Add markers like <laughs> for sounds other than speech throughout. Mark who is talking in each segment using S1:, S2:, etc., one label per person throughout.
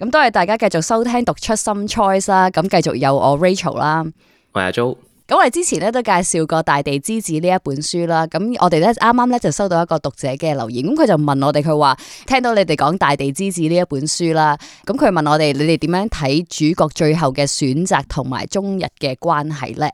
S1: 咁多謝大家繼續收聽讀出 some choice 啦，咁繼續有我 Rachel 啦，我係阿 Jo。咁我哋之前咧都介紹過《大地之子》呢一本書啦，咁我哋咧啱啱咧就收到一個讀者嘅留言，咁佢就問我哋佢話聽到你哋講《大地之子》呢一本書啦，咁佢問我哋你哋點樣睇主角最後嘅選擇同埋中日嘅關係咧？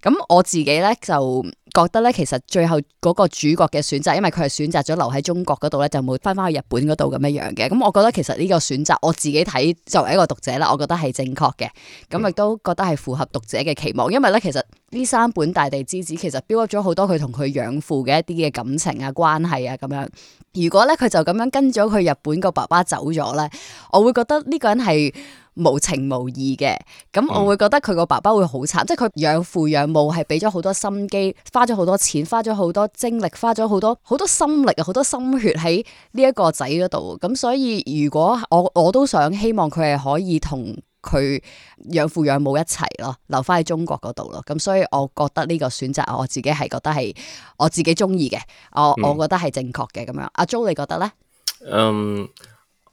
S1: 咁我自己咧就。覺得咧，其實最後嗰個主角嘅選擇，因為佢係選擇咗留喺中國嗰度咧，就冇翻翻去日本嗰度咁樣樣嘅。咁、嗯、我覺得其實呢個選擇，我自己睇作為一個讀者啦，我覺得係正確嘅。咁亦都覺得係符合讀者嘅期望，因為咧其實呢三本大地之子其實標咗好多佢同佢養父嘅一啲嘅感情啊、關係啊咁樣。如果咧佢就咁樣跟咗佢日本個爸爸走咗咧，我會覺得呢個人係。無情無義嘅，咁我會覺得佢個爸爸會好慘，即係佢養父養母係俾咗好多心機，花咗好多錢，花咗好多精力，花咗好多好多心力啊，好多心血喺呢一個仔嗰度。咁所以如果我我都想希望佢係可以同佢養父養母一齊咯，留翻喺中國嗰度咯。咁所以我覺得呢個選擇我自己係覺得係我自己中意嘅，我我覺得係正確嘅咁樣。阿 Joe 你覺得呢？嗯
S2: ，um,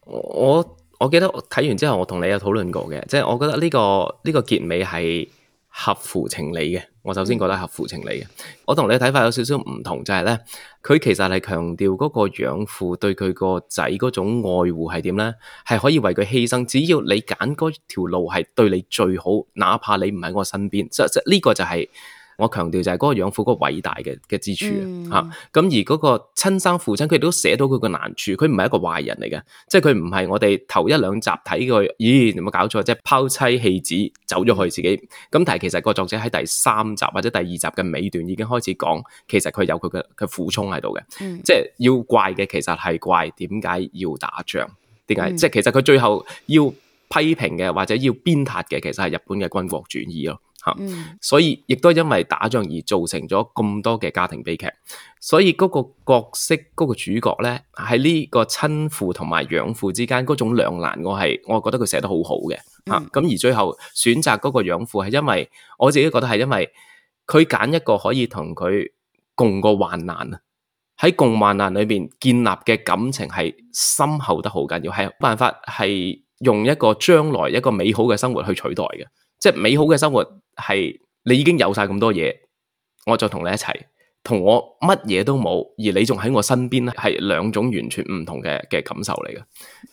S2: 我。我記得睇完之後，我同你有討論過嘅，即係我覺得呢個呢個結尾係合乎情理嘅。我首先覺得合乎情理嘅，我同你睇法有少少唔同，就係咧，佢其實係強調嗰個養父對佢個仔嗰種愛護係點咧，係可以為佢犧牲，只要你揀嗰條路係對你最好，哪怕你唔喺我身邊，即即呢個就係。我強調就係嗰個養父，啊嗯啊，個偉大嘅嘅之處吓，咁而嗰個親生父親佢亦都寫到佢個難處，佢唔係一個壞人嚟嘅，即係佢唔係我哋頭一兩集睇佢，咦，哎，有冇搞錯？即係拋妻棄子走咗去自己，咁但係其實個作者喺第三集或者第二集嘅尾段已經開始講，其實佢有佢嘅嘅苦衷喺度嘅，嗯，即係要怪嘅，其實係怪點解要打仗，點解，即係，嗯，其實佢最後要批評嘅或者要鞭撻嘅，其實係日本嘅軍國主義咯。所以亦都因為打仗而造成咗咁多嘅家庭悲劇，所以嗰個角色、嗰、嗰個主角咧，喺呢個親父同埋養父之間嗰種兩難我，我係我係覺得佢寫得好好嘅，吓咁、嗯、而最後選擇嗰個養父，係因為我自己覺得係因為佢揀一個可以同佢共過患難啊，喺共患難裏邊建立嘅感情係深厚得好緊要，係冇辦法係用一個將來一個美好嘅生活去取代嘅。即係美好嘅生活係你已經有晒咁多嘢，我再同你一齊，同我乜嘢都冇，而你仲喺我身邊咧，係兩種完全唔同嘅嘅感受嚟嘅。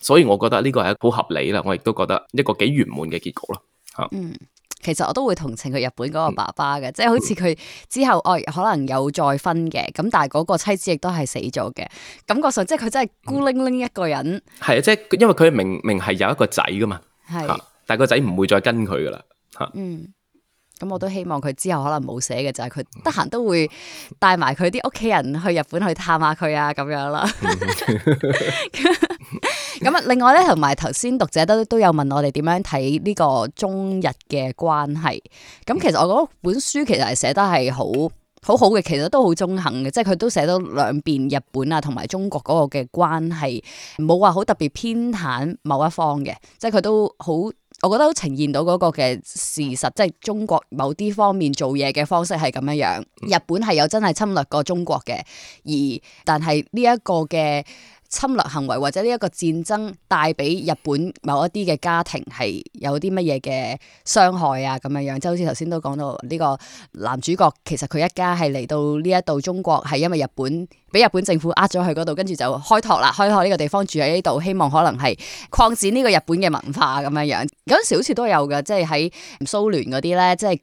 S2: 所以我覺得呢個係好合理啦，我亦都覺得一個幾圓滿嘅結果咯。吓，嗯，
S1: 其實我都會同情佢日本嗰個爸爸嘅，嗯、即係好似佢之後我、哎、可能有再婚嘅，咁但係嗰個妻子亦都係死咗嘅，感覺上即係佢真係孤零零一個人。
S2: 係啊、嗯，即係因為佢明明係有一個仔噶嘛，係的，但係個仔唔會再跟佢噶啦。
S1: 嗯，咁我都希望佢之後可能冇寫嘅就係佢得閒都會帶埋佢啲屋企人去日本去探下佢啊，咁樣啦。咁啊， <laughs> <laughs> <laughs> 另外咧，同埋頭先讀者都都有問我哋點樣睇呢個中日嘅關係。咁其實我覺得本書其實係寫得係好好好嘅，其實都好中肯嘅，即係佢都寫到兩邊日本啊同埋中國嗰個嘅關係，冇話好特別偏袒某一方嘅，即係佢都好。我覺得好呈現到嗰個嘅事實，即係中國某啲方面做嘢嘅方式係咁樣樣。日本係有真係侵略過中國嘅，而但係呢一個嘅侵略行為或者呢一個戰爭帶俾日本某一啲嘅家庭係有啲乜嘢嘅傷害啊，咁樣樣，即係好似頭先都講到呢個男主角，其實佢一家係嚟到呢一度中國係因為日本俾日本政府呃咗去嗰度，跟住就開拓啦，開拓呢個地方住喺呢度，希望可能係擴展呢個日本嘅文化咁樣樣。嗰陣時好似都有嘅，即係喺蘇聯嗰啲咧，即係。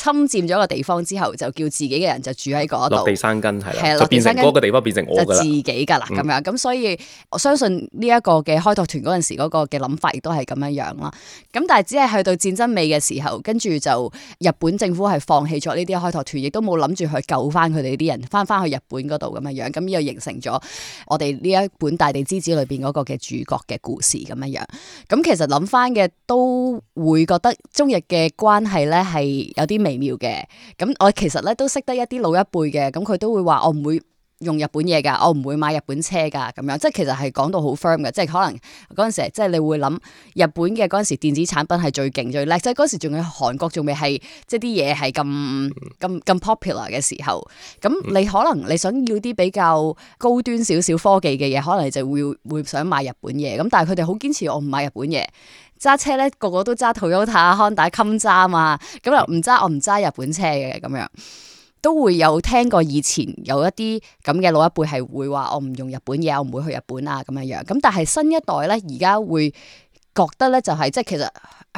S1: 侵佔咗個地方之後，就叫自己嘅人就住喺嗰度。落地
S2: 生根係啦，的就變成嗰個地方變成我自
S1: 己㗎啦，咁、嗯、樣咁，所以我相信呢一個嘅開拓團嗰陣時嗰個嘅諗法亦都係咁樣樣啦。咁但係只係去到戰爭尾嘅時候，跟住就日本政府係放棄咗呢啲開拓團，亦都冇諗住去救翻佢哋啲人翻翻去日本嗰度咁樣樣。咁又形成咗我哋呢一本《大地之子》裏邊嗰個嘅主角嘅故事咁樣樣。咁其實諗翻嘅都會覺得中日嘅關係咧係有啲奇妙嘅，咁我、嗯、其實咧都識得一啲老一輩嘅，咁佢都會話我唔會用日本嘢噶，我唔會買日本車噶，咁樣即係其實係講到好 firm 嘅，即係可能嗰陣時，即係你會諗日本嘅嗰陣時電子產品係最勁最叻，即係嗰時仲要韓國仲未係，即係啲嘢係咁咁咁 popular 嘅時候，咁你可能你想要啲比較高端少少科技嘅嘢，可能你就會會想買日本嘢，咁但係佢哋好堅持我唔買日本嘢。揸車咧，個個都揸 Toyota 康大襟揸嘛，咁又唔揸我唔揸日本車嘅咁樣，都會有聽過以前有一啲咁嘅老一輩係會話我唔用日本嘢，我唔會去日本啊咁樣樣，咁但係新一代咧而家會覺得咧就係、是、即係其實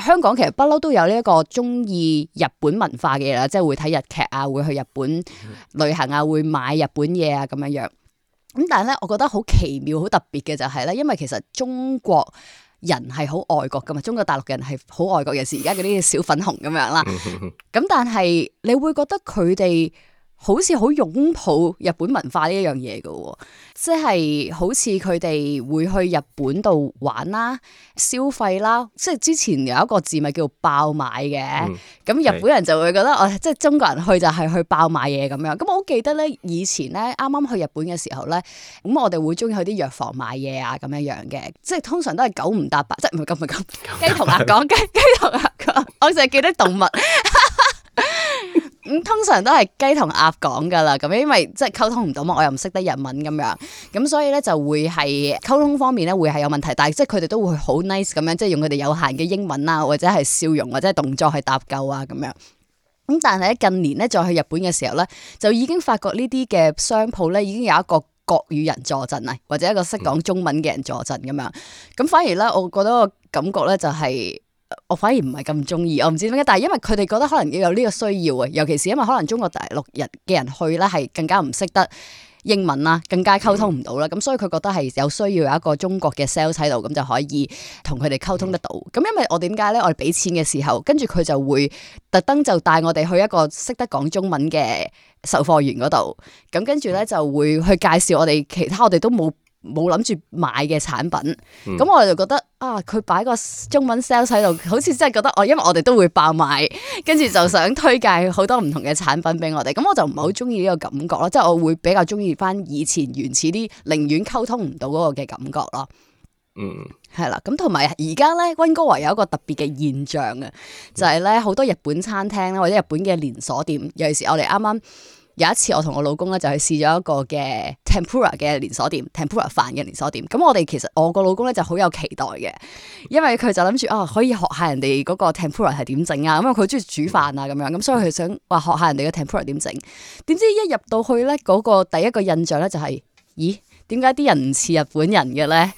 S1: 香港其實不嬲都有呢一個中意日本文化嘅嘢啦，即係會睇日劇啊，會去日本旅行啊，會買日本嘢啊咁樣樣，咁但係咧我覺得好奇妙好特別嘅就係咧，因為其實中國。人係好愛國㗎嘛，中國大陸人係好愛國嘅事，而家嗰啲小粉紅咁樣啦。咁 <laughs> 但係你會覺得佢哋好似好擁抱日本文化呢一樣嘢嘅、哦，即係好似佢哋會去日本度玩啦、消費啦，即係之前有一個字咪叫爆買嘅，咁、嗯嗯、日本人就會覺得是的 哦，即係中國人去就係、是、去爆買嘢咁樣。咁、嗯、我好記得咧，以前咧啱啱去日本嘅時候咧，咁我哋會中意去啲藥房買嘢啊，咁樣樣嘅，即係通常都係九唔搭八，即係唔係咁唔咁雞同鴨講雞雞同鴨講，我淨係記得動物。 <laughs> <laughs> 咁通常都係雞同鴨講㗎喇，咁因為即係溝通唔到嘛，我又唔識得日文咁樣，咁所以咧就會係溝通方面咧會係有問題，但係即係佢哋都會好 nice 咁樣，即係用佢哋有限嘅英文啊，或者係笑容或者係動作去搭救啊咁樣。咁但係喺近年咧再去日本嘅時候咧，就已經發覺呢啲嘅商鋪咧已經有一個國語人坐鎮啊，或者一個識講中文嘅人坐鎮咁樣。咁反而咧，我覺得個感覺咧就係、是。我反而唔係咁中意，我唔知點解，但係因為佢哋覺得可能要有呢個需要啊，尤其是因為可能中國大陸人嘅人去咧係更加唔識得英文啦，更加溝通唔到啦，咁、嗯、所以佢覺得係有需要有一個中國嘅 sales 喺度，咁就可以同佢哋溝通得到。咁、嗯、因為我點解咧，我哋俾錢嘅時候，跟住佢就會特登就帶我哋去一個識得講中文嘅售貨員嗰度，咁跟住咧就會去介紹我哋，其他我哋都冇。冇諗住買嘅產品，咁、嗯、我就覺得啊，佢擺個中文 sales 喺度，好似真係覺得哦，因為我哋都會爆買，跟住就想推介好多唔同嘅產品俾我哋，咁我就唔係好中意呢個感覺咯，即係、嗯、我會比較中意翻以前原始啲，寧願溝通唔到嗰個嘅感覺咯。嗯，係啦，咁同埋而家咧，溫哥華有一個特別嘅現象啊，就係咧好多日本餐廳啦，或者日本嘅連鎖店，尤其是我哋啱啱。有一次我同我老公咧就去試咗一個嘅 tempura 嘅連鎖店，tempura 飯嘅連鎖店。咁我哋其實我個老公咧就好有期待嘅，因為佢就諗住啊可以學下人哋嗰個 tempura 係點整啊，因為佢中意煮飯啊咁樣，咁所以佢想話學下人哋嘅 tempura 點整。點知一入到去咧，嗰個第一個印象咧就係，咦，點解啲人唔似日本人嘅咧？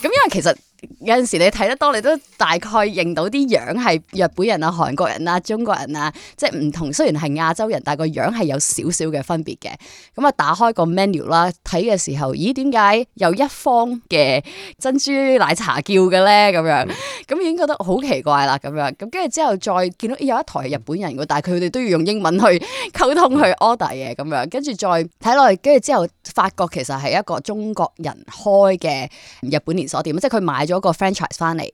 S1: 咁因為其實。有陣時你睇得多，你都大概認到啲樣係日本人啊、韓國人啊、中國人啊，即係唔同。雖然係亞洲人，但係個樣係有少少嘅分別嘅。咁啊，打開個 menu 啦，睇嘅時候，咦？點解有一方嘅珍珠奶茶叫嘅咧？咁樣咁已經覺得好奇怪啦。咁樣咁跟住之後，再見到有一台係日本人嘅，但係佢哋都要用英文去溝通去 order 嘢咁樣。跟住再睇落去，跟住之後發覺其實係一個中國人開嘅日本連鎖店啊，即係佢買咗個 franchise 翻嚟，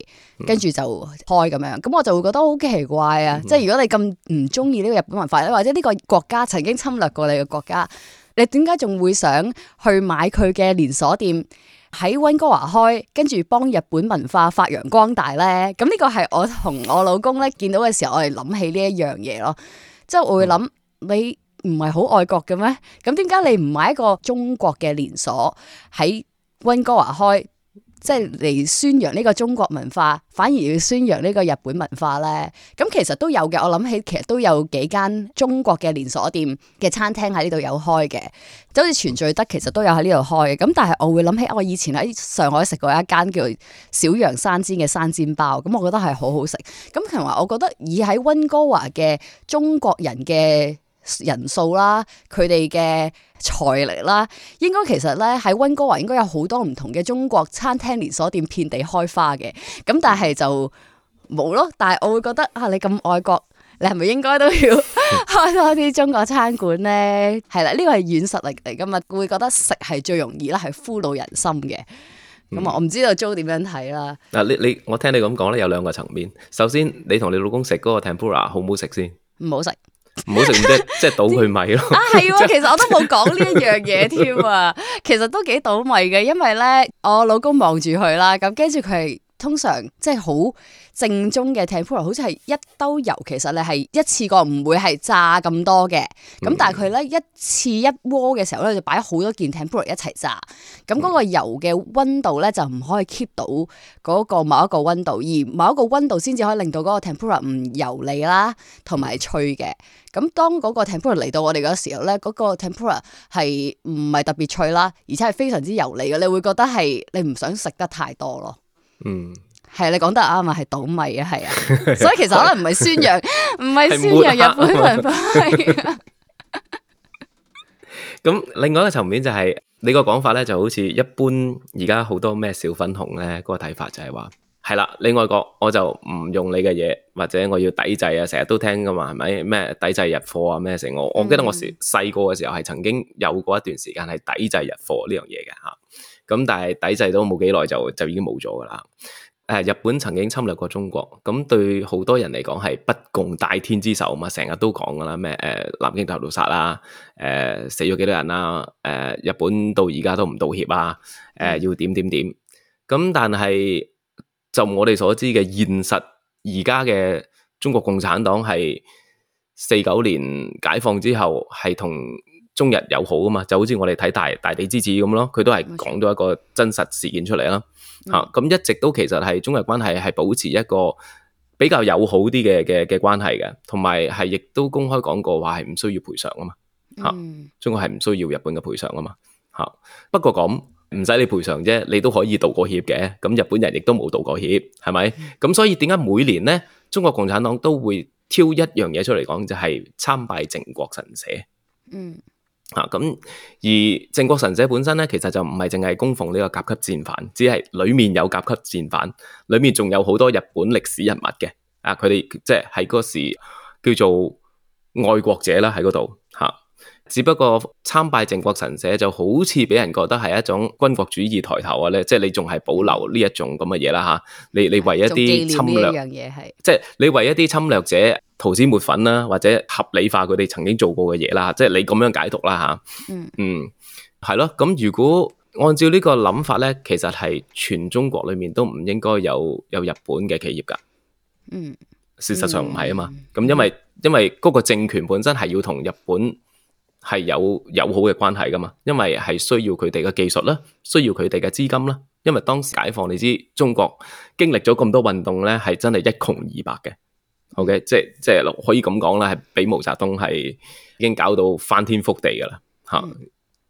S1: 跟住就開咁樣，咁我就會覺得好奇怪啊！ <music> 即係如果你咁唔中意呢個日本文化，或者呢個國家曾經侵略過你嘅國家，你點解仲會想去買佢嘅連鎖店喺温哥華開，跟住幫日本文化發揚光大咧？咁呢個係我同我老公咧見到嘅時候，我哋諗起呢一樣嘢咯。即係我會諗， <music> 你唔係好愛國嘅咩？咁點解你唔買一個中國嘅連鎖喺温哥華開？即係嚟宣揚呢個中國文化，反而要宣揚呢個日本文化咧。咁其實都有嘅，我諗起其實都有幾間中國嘅連鎖店嘅餐廳喺呢度有開嘅，就好似全聚德其實都有喺呢度開嘅。咁但係我會諗起我以前喺上海食過一間叫做小楊生煎嘅生煎包，咁我覺得係好好食。咁同埋我覺得以喺温哥華嘅中國人嘅。人數啦，佢哋嘅財力啦，應該其實咧，喺温哥華應該有好多唔同嘅中國餐廳連鎖店遍地開花嘅，咁但係就冇咯。但係我會覺得啊，你咁愛國，你係咪應該都要 <laughs> 開多啲中國餐館呢？係啦，呢個係軟實力嚟噶嘛，會覺得食係最容易、嗯嗯、啦，係俘虜人心嘅。咁啊，我唔知道 Joe 點樣睇啦。
S2: 嗱，你你我聽你咁講咧，有兩個層面。首先，你同你老公食嗰個 Tempura 好唔好食先？唔好食。唔好成日即係倒佢米咯， <laughs> <laughs> 啊係，啊 <laughs> 其實我都冇講呢一樣嘢添啊，
S1: <laughs> 其實都幾倒米嘅，因為咧我老公望住佢啦，咁跟住佢。通常即係好正宗嘅 tempura，好似係一兜油。其實你係一次過唔會係炸咁多嘅。咁、嗯、但係佢咧一次一鍋嘅時候咧，就擺好多件 tempura 一齊炸。咁嗰個油嘅温度咧就唔可以 keep 到嗰個某一個温度，而某一個温度先至可以令到嗰個 tempura 唔油膩啦，同埋脆嘅。咁當嗰個 tempura 嚟到我哋嗰時候咧，嗰個 tempura 係唔係特別脆啦，而且係、那個、非常之油膩嘅。你會覺得係你唔想食得太多咯。嗯，係啊，你講得啱啊，係倒米啊，係啊， <laughs> 所以其實可能唔係宣揚，唔係宣揚日本文化。
S2: 咁另外一個層面就係、是、你個講法咧，就好似一般而家好多咩小粉紅咧，嗰個睇法就係話，係啦，你外國我就唔用你嘅嘢，或者我要抵制啊，成日都聽噶嘛，係咪咩抵制日貨啊咩成？我我記得我細個嘅時候係曾經有過一段時間係抵制日貨呢樣嘢嘅吓。咁但係抵制都冇幾耐就就已經冇咗噶啦。誒、呃，日本曾經侵略過中國，咁對好多人嚟講係不共戴天之仇嘛，成日都講噶啦，咩誒、呃、南京大屠殺啦，誒、呃、死咗幾多人啦，啊，誒、呃、日本到而家都唔道歉啊，誒、呃、要點點點。咁但係就我哋所知嘅現實，而家嘅中國共產黨係四九年解放之後係同。中日友好啊嘛，就好似我哋睇《大大地之子》咁咯，佢都係講咗一個真實事件出嚟啦。吓、嗯、咁、啊、一直都其實係中日關係係保持一個比較友好啲嘅嘅嘅關係嘅，同埋係亦都公開講過話係唔需要賠償啊嘛。吓、啊、中國係唔需要日本嘅賠償啊嘛。吓、啊、不過咁唔使你賠償啫，你都可以道過歉嘅。咁、啊、日本人亦都冇道過歉，係咪？咁所以點解每年咧，中國共產黨都會挑一樣嘢出嚟講，就係、是、參拜靖國神社。嗯。啊，咁而靖國神社本身咧，其實就唔係淨係供奉呢個甲級戰犯，只係裏面有甲級戰犯，裏面仲有好多日本歷史人物嘅，啊，佢哋即係喺嗰時叫做愛國者啦，喺嗰度。只不過參拜靖國神社就好似俾人覺得係一種軍國主義抬頭啊，咧即係你仲係保留呢一種咁嘅嘢啦。吓，你你為一啲侵略，即係你為一啲侵略者塗脂抹粉啦、啊，或者合理化佢哋曾經做過嘅嘢啦。即、就、係、是、你咁樣解讀啦。吓，嗯，係咯、嗯。咁如果按照個呢個諗法咧，其實係全中國裏面都唔應該有有日本嘅企業噶、嗯嗯。嗯，事實上唔係啊嘛。咁因為、嗯、因為嗰個政權本身係要同日本。係有友好嘅關係噶嘛，因為係需要佢哋嘅技術啦，需要佢哋嘅資金啦。因為當時解放，你知中國經歷咗咁多運動咧，係真係一窮二白嘅。OK，即係即係可以咁講啦，係俾毛澤東係已經搞到翻天覆地噶啦嚇。嗯、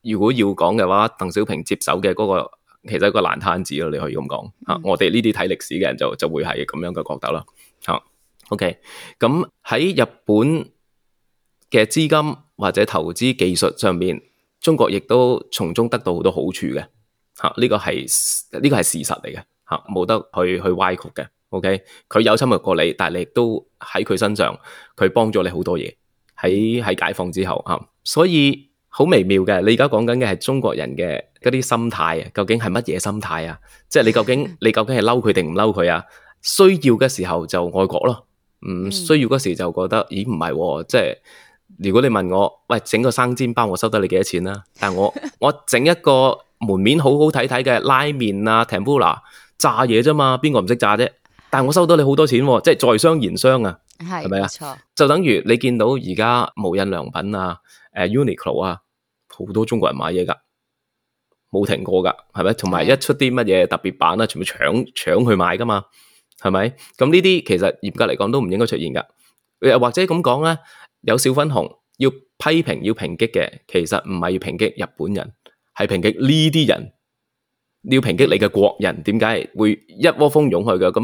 S2: 如果要講嘅話，鄧小平接手嘅嗰、那個其實係個爛攤子咯，你可以咁講、嗯、啊。我哋呢啲睇歷史嘅人就就會係咁樣嘅覺得咯。嚇、啊、OK，咁喺日本嘅資金。或者投資技術上面，中國亦都從中得到好多好處嘅，嚇、啊、呢、呢個係呢、呢個係事實嚟嘅，嚇冇得佢去歪曲嘅。OK，佢有侵略過你，但係你亦都喺佢身上，佢幫咗你好多嘢。喺喺解放之後，嚇、啊，所以好微妙嘅。你而家講緊嘅係中國人嘅嗰啲心態，究竟係乜嘢心態啊？即係你究竟你究竟係嬲佢定唔嬲佢啊？需要嘅時候就愛國咯，唔、嗯、需要嗰時候就覺得咦唔係，即係、哦。就是如果你問我，喂，整個生煎包我收得你幾多錢啊？但係我 <laughs> 我整一個門面好好睇睇嘅拉麵啊、 <laughs> tempura 炸嘢啫嘛，邊個唔識炸啫？但係我收到你好多錢，啊，即係在商言商啊，
S1: 係咪啊？吧錯
S2: 就等於你見到而家無印良品啊、誒、uh, Uniqlo 啊，好多中國人買嘢噶，冇停過噶，係咪？同埋是一出啲乜嘢特別版啊，全部搶搶去買噶嘛，係咪？咁呢啲其實嚴格嚟講都唔應該出現噶，或者咁講咧。有小分紅，要批評，要抨擊嘅，其實唔係要抨擊日本人，係抨擊呢啲人。要抨擊你嘅國人，點解會一窩蜂湧去嘅？咁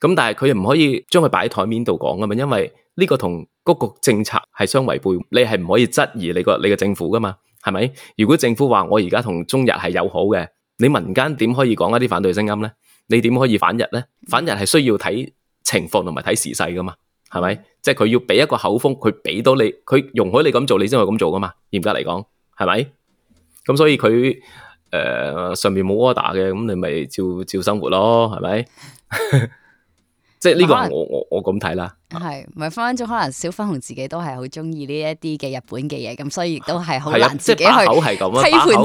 S2: 咁，但係佢又唔可以將佢擺喺台面度講噶嘛，因為呢個同嗰個政策係相違背，你係唔可以質疑你個你嘅政府噶嘛，係咪？如果政府話我而家同中日係友好嘅，你民間點可以講一啲反對聲音呢？你點可以反日呢？反日係需要睇情況同埋睇時勢噶嘛。.係咪？即係佢要俾一個口風，佢俾到你，佢容許你咁做，你先係咁做噶嘛？嚴格嚟講，係咪？咁所以佢誒、呃、上面冇 order 嘅，咁、嗯、你咪照照生活咯，係咪？ <laughs> 即係呢個我能我我咁睇啦。
S1: 係，咪返咗可能小粉紅自己都係好中意呢一啲嘅日本嘅嘢，咁所以亦都係好難自己去批判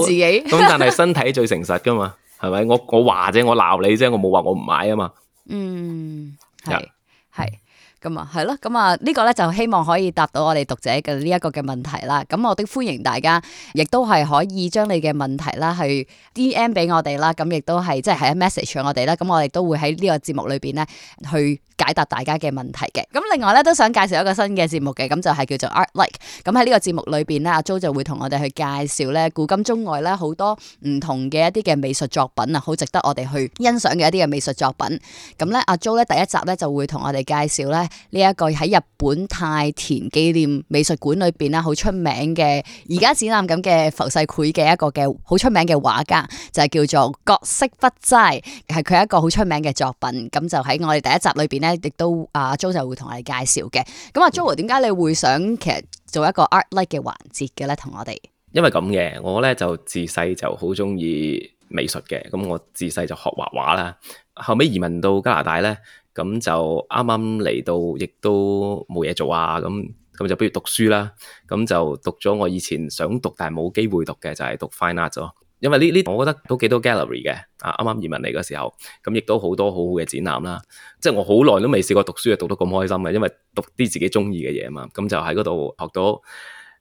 S1: 自己。咁、就是、 <laughs> 但係身
S2: 體最誠實噶嘛，係咪？我我話啫，我鬧你啫，我冇話我唔買啊嘛。嗯，
S1: 係係。的 <laughs> 咁啊，係咯，咁啊呢個咧就希望可以答到我哋讀者嘅呢一個嘅問題啦。咁我都歡迎大家，亦都係可以將你嘅問題啦去 DM 俾我哋啦。咁亦都係即係喺 message 我哋啦。咁我哋都會喺呢個節目裏邊咧去解答大家嘅問題嘅。咁另外咧都想介紹一個新嘅節目嘅，咁就係叫做 Art Like。咁喺呢個節目裏邊咧，阿 Jo 就會同我哋去介紹咧古今中外咧好多唔同嘅一啲嘅美術作品啊，好值得我哋去欣賞嘅一啲嘅美術作品。咁咧阿 Jo 咧第一集咧就會同我哋介紹咧。呢一個喺日本太田紀念美術館裏邊啦，好出名嘅，而家展覽咁嘅浮世繪嘅一個嘅好出名嘅畫家，就係、是、叫做葛飾北齋，係佢一個好出名嘅作品。咁就喺我哋第一集裏邊咧，亦都阿、啊、Jo 就會同我哋介紹嘅。咁阿 Jo，點解你會想其實做一個 Art Like 嘅環節嘅咧？同我哋，
S2: 因為咁嘅，我咧就自細就好中意美術嘅，咁我自細就學畫畫啦。後尾移民到加拿大咧，咁就啱啱嚟到，亦都冇嘢做啊！咁咁就不如讀書啦。咁就讀咗我以前想讀但係冇機會讀嘅，就係讀 fine art 咯。因為呢呢，我覺得都幾多 gallery 嘅啊！啱啱移民嚟嘅時候，咁亦都好多好好嘅展覽啦。即係我好耐都未試過讀書讀得咁開心嘅，因為讀啲自己中意嘅嘢啊嘛。咁就喺嗰度學到誒、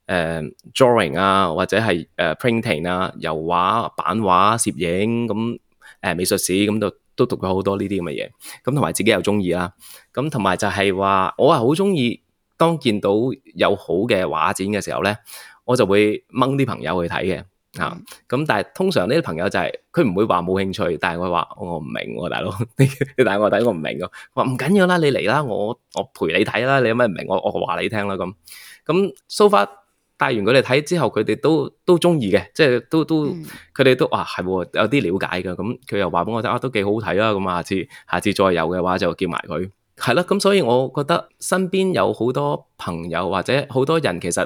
S2: 呃、drawing 啊，或者係誒、呃、printing 啊、油畫、版畫、攝影咁誒、呃、美術史咁就。都讀過好多呢啲咁嘅嘢，咁同埋自己又中意啦，咁同埋就係話我係好中意，當見到有好嘅畫展嘅時候咧，我就會掹啲朋友去睇嘅啊，咁但係通常呢啲朋友就係佢唔會話冇興趣，但係我話我唔明喎、啊，大佬，你 <laughs> 但係我睇我唔明嘅、啊，我話唔緊要啦，你嚟啦，我我陪你睇啦，你有咩唔明我我話你聽啦，咁咁、嗯、so far。帶完佢哋睇之後，佢哋都都中意嘅，即係都都，佢哋都，嗯，都啊係有啲了解嘅。咁佢又話俾我聽啊，都幾好睇啊。咁下次下次再有嘅話就，就叫埋佢。係啦，咁所以我覺得身邊有好多朋友或者好多人，其實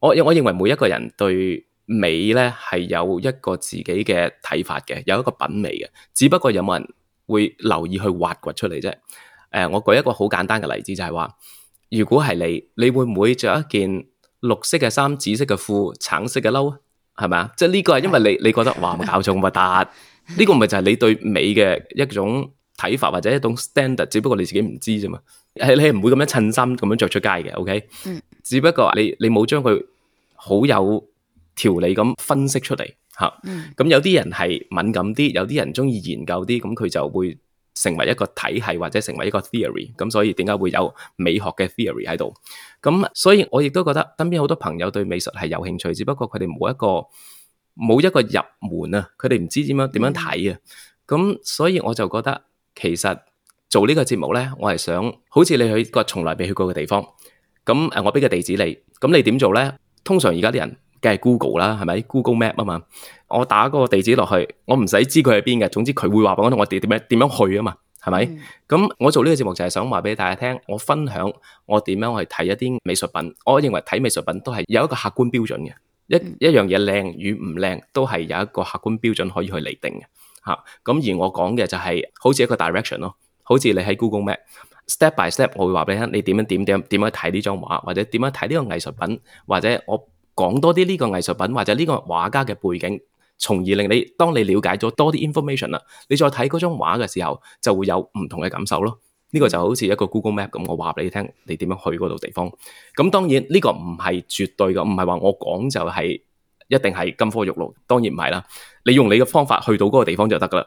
S2: 我我認為每一個人對美咧係有一個自己嘅睇法嘅，有一個品味嘅。只不過有冇人會留意去挖掘出嚟啫？誒、呃，我舉一個好簡單嘅例子，就係、是、話，如果係你，你會唔會着一件？綠色嘅衫、紫色嘅褲、橙色嘅褸，係咪啊？即係呢個係因為你你覺得 <laughs> 哇，唔搞錯咁核突，呢個唔係就係你對美嘅一種睇法或者一種 standard，只不過你自己唔知啫嘛。係你唔會咁樣襯衫咁樣着出街嘅，OK？、嗯、只不過你你冇將佢好有條理咁分析出嚟，吓，咁、嗯嗯、有啲人係敏感啲，有啲人中意研究啲，咁佢就會。成為一個體系或者成為一個 theory，咁所以點解會有美學嘅 theory 喺度？咁所以我亦都覺得身邊好多朋友對美術係有興趣，只不過佢哋冇一個冇一個入門啊，佢哋唔知點樣點樣睇啊。咁所以我就覺得其實做呢個節目咧，我係想好似你去一個從來未去過嘅地方，咁誒，我畀個地址你，咁你點做咧？通常而家啲人。梗係 Google 啦，係咪 Google Map 啊嘛？我打嗰個地址落去，我唔使知佢喺邊嘅。總之佢會話畀我聽我哋點樣點樣去啊嘛，係咪？咁、嗯、我做呢個節目就係想話俾大家聽，我分享我點樣去睇一啲美術品。我認為睇美術品都係有一個客觀標準嘅，一、嗯、一樣嘢靚與唔靚都係有一個客觀標準可以去釐定嘅。吓、啊、咁而我講嘅就係、是、好似一個 direction 咯，好似你喺 Google Map step by step 我會話俾你聽你點樣點點點樣睇呢張畫，或者點樣睇呢個藝術品，或者我。講多啲呢個藝術品或者呢個畫家嘅背景，從而令你當你了解咗多啲 information 啦，你再睇嗰張畫嘅時候就會有唔同嘅感受咯。呢個就好似一個 Google Map 咁，我話俾你聽你點樣去嗰度地方。咁當然呢個唔係絕對嘅，唔係話我講就係一定係金科玉律，當然唔係啦。你用你嘅方法去到嗰個地方就得噶啦。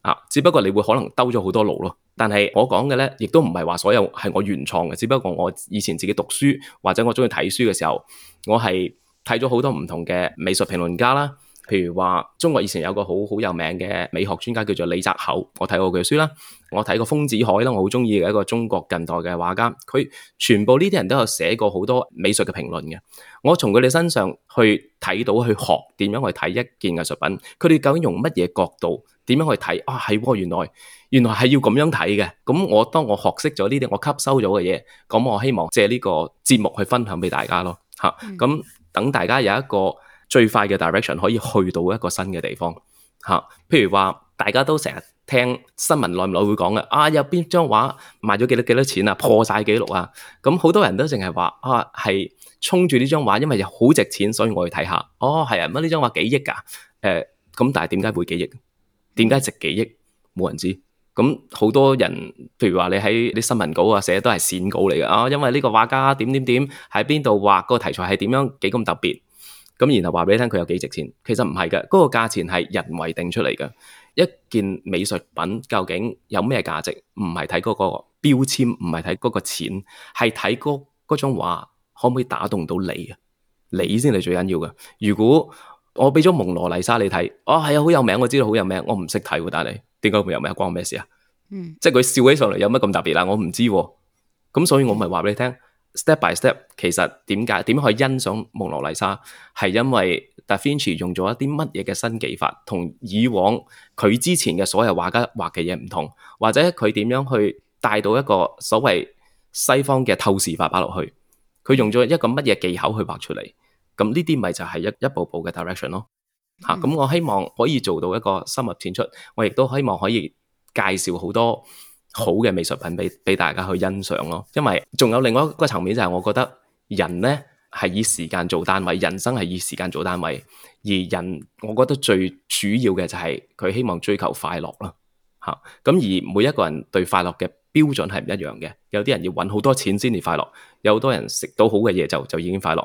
S2: 啊，只不過你會可能兜咗好多路咯。但係我講嘅咧，亦都唔係話所有係我原創嘅，只不過我以前自己讀書或者我中意睇書嘅時候。我係睇咗好多唔同嘅美術評論家啦，譬如話中國以前有個好好有名嘅美學專家叫做李澤厚，我睇過佢嘅書啦，我睇過豐子愷啦，我好中意嘅一個中國近代嘅畫家，佢全部呢啲人都有寫過好多美術嘅評論嘅。我從佢哋身上去睇到，去學點樣去睇一件藝術品，佢哋究竟用乜嘢角度點樣去睇？啊，係喎、哦，原來原來係要咁樣睇嘅。咁我當我學識咗呢啲，我吸收咗嘅嘢，咁我希望借呢個節目去分享俾大家咯。吓，咁等、嗯、大家有一個最快嘅 direction 可以去到一個新嘅地方。嚇，譬如話大家都成日聽新聞耐唔耐會講嘅，啊有邊張畫賣咗幾多幾多錢啊，破晒紀錄啊！咁、嗯、好、嗯、多人都淨係話啊，係衝住呢張畫，因為好值錢，所以我去睇下。哦，係啊，乜呢張畫幾億噶？誒、呃，咁但係點解會幾億？點解值幾億？冇人知。咁好多人，譬如話你喺啲新聞稿啊，寫都係線稿嚟噶啊，因為呢個畫家點點點喺邊度畫，個題材係點樣幾咁特別，咁然後話畀你聽佢有幾值錢，其實唔係嘅，嗰個價錢係人為定出嚟嘅。一件美術品究竟有咩價值，唔係睇嗰個標籤，唔係睇嗰個錢，係睇嗰嗰種畫可唔可以打動到你啊？你先係最緊要嘅。如果我畀咗蒙羅麗莎你睇，哦，係啊，好有,有名，我知道好有名，我唔識睇喎，但係。點解唔入名關我咩事啊？嗯，即係佢笑起上嚟，有乜咁特別啊？我唔知喎，咁所以我咪話俾你聽。Step by step，其實點解點可以欣賞蒙羅麗莎，係因爲達芬奇用咗一啲乜嘢嘅新技法，同以往佢之前嘅所有畫家畫嘅嘢唔同，或者佢點樣去帶到一個所謂西方嘅透視法擺落去，佢用咗一個乜嘢技巧去畫出嚟，咁呢啲咪就係一一步步嘅 direction 咯。吓咁，啊、我希望可以做到一個深入淺出，我亦都希望可以介紹好多好嘅美術品俾俾大家去欣賞咯。因為仲有另外一個層面，就係我覺得人咧係以時間做單位，人生係以時間做單位，而人我覺得最主要嘅就係佢希望追求快樂咯。吓、啊、咁、啊、而每一個人對快樂嘅。標準係唔一樣嘅，有啲人要揾好多錢先至快樂，有好多人食到好嘅嘢就就已經快樂。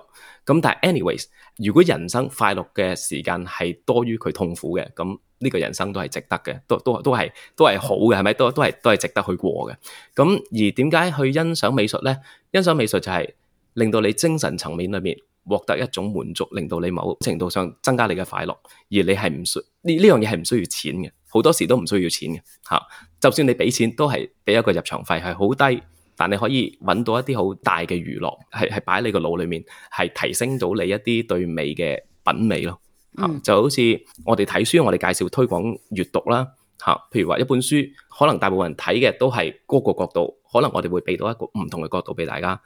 S2: 咁但係，anyways，如果人生快樂嘅時間係多於佢痛苦嘅，咁呢個人生都係值得嘅，都都都係都係好嘅，係咪？都都都係都係都係值得去過嘅。咁而點解去欣賞美術呢？欣賞美術就係令到你精神層面裏面獲得一種滿足，令到你某程度上增加你嘅快樂，而你係唔需要呢，呢樣嘢係唔需要錢嘅。好多時都唔需要錢嘅嚇、啊，就算你俾錢都係俾一個入場費係好低，但你可以揾到一啲好大嘅娛樂，係係擺喺你個腦裏面，係提升到你一啲對美嘅品味咯嚇、啊。就好似我哋睇書，我哋介紹推廣閱讀啦嚇、啊。譬如話一本書，可能大部分人睇嘅都係嗰個角度，可能我哋會俾到一個唔同嘅角度俾大家，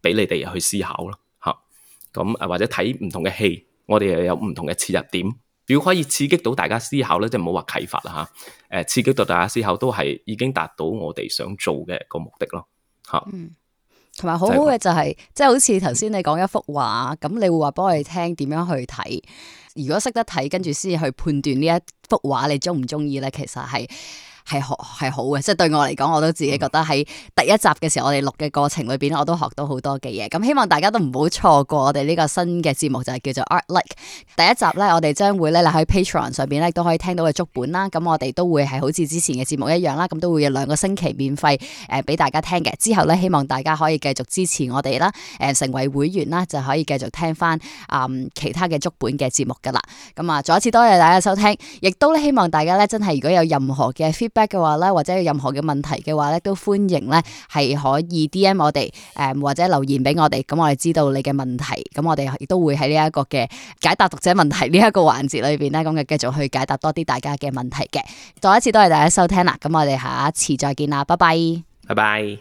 S2: 俾你哋去思考咯嚇。咁啊，啊或者睇唔同嘅戲，我哋又有唔同嘅切入點。表可以刺激到大家思考咧，即係唔好話啟發啦吓，誒、啊呃、刺激到大家思考都係已經達到我哋想做嘅個目的咯吓。啊、嗯，
S1: 同埋好、就是就是，好嘅就係，即係好似頭先你講一幅畫，咁你會話幫我哋聽點樣去睇？如果識得睇，跟住先至去判斷呢一幅畫你中唔中意咧？其實係。係學係好嘅，即係對我嚟講，我都自己覺得喺第一集嘅時候，我哋錄嘅過程裏邊，我都學到好多嘅嘢。咁希望大家都唔好錯過我哋呢個新嘅節目，就係、是、叫做 Art Like。第一集呢，我哋將會咧喺 Patreon 上邊咧，都可以聽到嘅足本啦。咁我哋都會係好似之前嘅節目一樣啦，咁都會有兩個星期免費誒俾大家聽嘅。之後呢，希望大家可以繼續支持我哋啦，誒成為會員啦，就可以繼續聽翻誒、嗯、其他嘅足本嘅節目噶啦。咁啊，再一次多謝大家收聽，亦都希望大家呢，真係如果有任何嘅嘅話咧，或者有任何嘅問題嘅話咧，都歡迎咧係可以 DM 我哋誒、呃、或者留言俾我哋，咁我哋知道你嘅問題，咁我哋亦都會喺呢一個嘅解答讀者問題呢一個環節裏邊咧，咁嘅繼續去解答多啲大家嘅問題嘅。再一次多謝大家收聽啦，咁我哋下一次再見啦，拜拜，
S2: 拜拜。